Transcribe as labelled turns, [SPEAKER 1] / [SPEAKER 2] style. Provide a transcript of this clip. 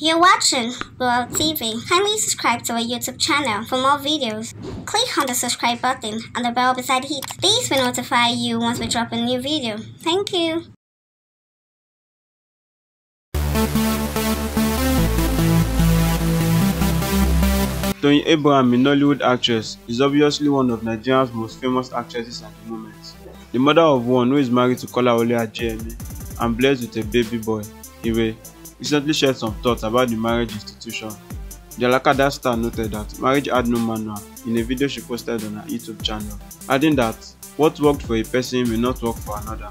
[SPEAKER 1] You're watching Blowout TV. Kindly subscribe to our YouTube channel for more videos. Click on the subscribe button and the bell beside it. These will notify you once we drop a new video. Thank you.
[SPEAKER 2] Tony Abraham, a Nollywood actress, is obviously one of Nigeria's most famous actresses at the moment. The mother of one who is married to Kolawole Ajayemi and blessed with a baby boy, Ire. recently shared some thoughts about the marriage institution. Jalakada star noted that marriage had no manual in a video she posted on her YouTube channel, adding that what worked for a person may not work for another.